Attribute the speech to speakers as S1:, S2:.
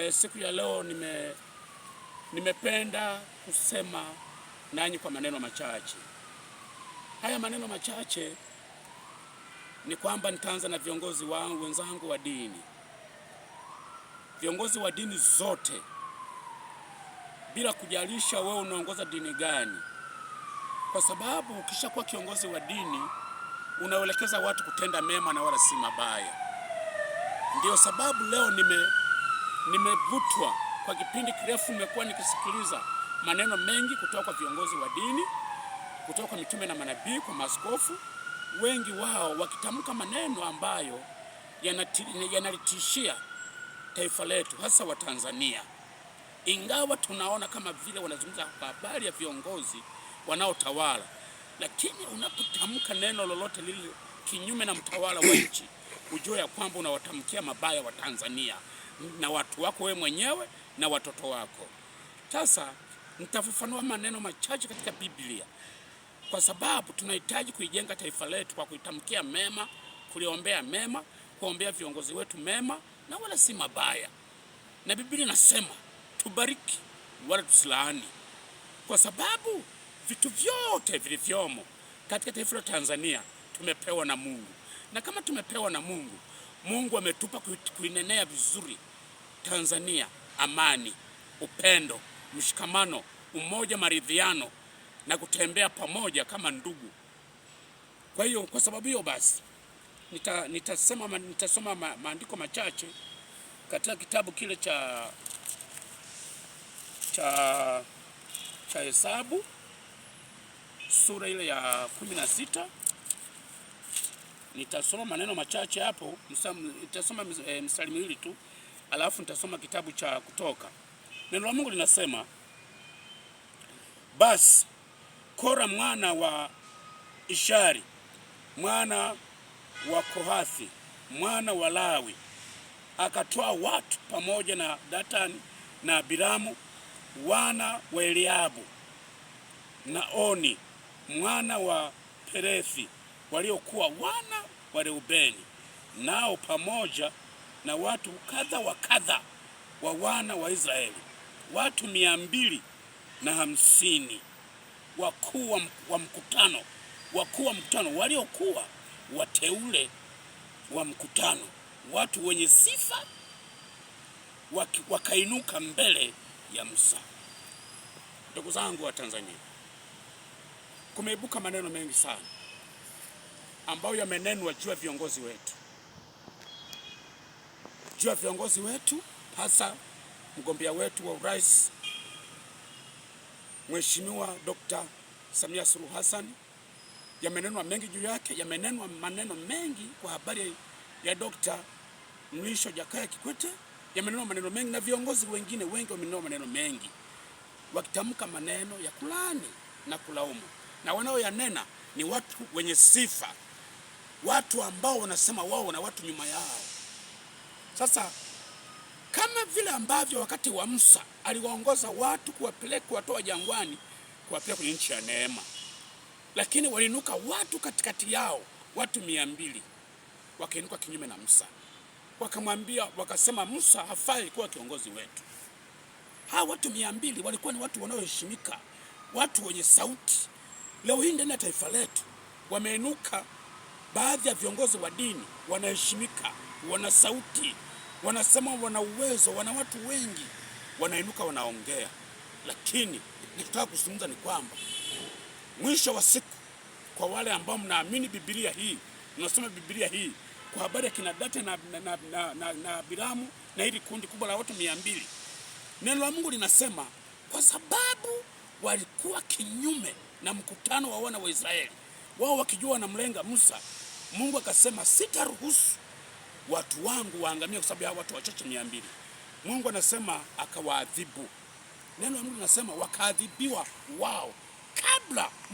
S1: e, siku ya leo nime, nimependa kusema nanyi kwa maneno machache. Haya maneno machache ni kwamba nitaanza na viongozi wangu wenzangu wa dini, viongozi wa dini zote bila kujalisha wewe unaongoza dini gani, kwa sababu ukishakuwa kiongozi wa dini unaelekeza watu kutenda mema na wala si mabaya. Ndio sababu leo nime nimevutwa kwa kipindi kirefu, nimekuwa nikisikiliza maneno mengi kutoka kwa viongozi wa dini, kutoka kwa mitume na manabii, kwa maaskofu, wengi wao wakitamka maneno ambayo yanalitishia taifa letu, hasa wa Tanzania, ingawa tunaona kama vile wanazungumza habari ya viongozi wanaotawala, lakini unapotamka neno lolote lile kinyume na mtawala wa nchi, ujue ya kwamba unawatamkia mabaya wa Tanzania na watu wako wewe mwenyewe na watoto wako. Sasa nitafafanua maneno machache katika Biblia kwa sababu tunahitaji kuijenga taifa letu kwa kuitamkia mema, kuliombea mema, kuombea viongozi wetu mema na wala si mabaya. Na Biblia inasema tubariki wala tusilaani, kwa sababu vitu vyote vilivyomo katika taifa la Tanzania tumepewa na Mungu, na kama tumepewa na Mungu, Mungu ametupa kuinenea vizuri Tanzania amani, upendo, mshikamano, umoja, maridhiano na kutembea pamoja kama ndugu. Kwa hiyo kwa sababu hiyo basi nita, nitasema, nitasoma ma, maandiko machache katika kitabu kile cha cha cha Hesabu sura ile ya 16 nitasoma maneno machache hapo, nitasoma mistari eh, miwili tu alafu nitasoma kitabu cha Kutoka. Neno la Mungu linasema basi Kora mwana wa Ishari mwana wa Kohathi mwana wa Lawi akatoa watu pamoja na Datani na Abiramu wana wa Eliabu na Oni mwana wa Perethi waliokuwa wana wa Reubeni nao pamoja na watu kadha wa kadha wa wana wa Israeli, watu mia mbili na hamsini wakuu wa mkutano, wakuu wa mkutano waliokuwa wateule wa mkutano, watu wenye sifa wakainuka mbele ya Musa. Ndugu zangu wa Tanzania, kumeibuka maneno mengi sana ambayo yamenenwa juu ya viongozi wetu juu ya viongozi wetu, hasa mgombea wetu wa urais Mheshimiwa Dr. Samia Suluhu Hassan. Yamenenwa mengi juu yake, yamenenwa maneno mengi kwa habari ya Dr. Mrisho Jakaya Kikwete, yamenenwa maneno mengi na viongozi wengine wengi wamenenwa maneno mengi, wakitamka maneno ya kulani na kulaumu, na wanaoyanena ni watu wenye sifa, watu ambao wanasema wao na watu nyuma yao sasa kama vile ambavyo wakati wa Musa aliwaongoza watu kuwapeleka kuwatoa jangwani kuwapeleka kwenye nchi ya neema, lakini walinuka watu katikati yao, watu mia mbili wakainuka kinyume na Musa, wakamwambia wakasema, Musa hafai kuwa kiongozi wetu. Hawa watu mia mbili walikuwa ni watu wanaoheshimika, watu wenye sauti. Leo hii ndani ya taifa letu wameinuka baadhi ya viongozi wa dini, wanaheshimika, wana sauti wanasema wana uwezo, wana watu wengi wanainuka, wanaongea. Lakini nikitaka kuzungumza ni kwamba mwisho wa siku, kwa wale ambao mnaamini Biblia hii, mnasoma Biblia hii kwa habari ya kina Data na, na, na, na, na, na Biramu na hili kundi kubwa la watu mia mbili, neno la Mungu linasema kwa sababu walikuwa kinyume na mkutano wa wana wa Israeli, wao wakijua wanamlenga Musa, Mungu akasema sitaruhusu watu wangu waangamie kwa sababu ya watu wachache mia mbili. Mungu anasema akawaadhibu. Neno la Mungu linasema wakaadhibiwa wao kabla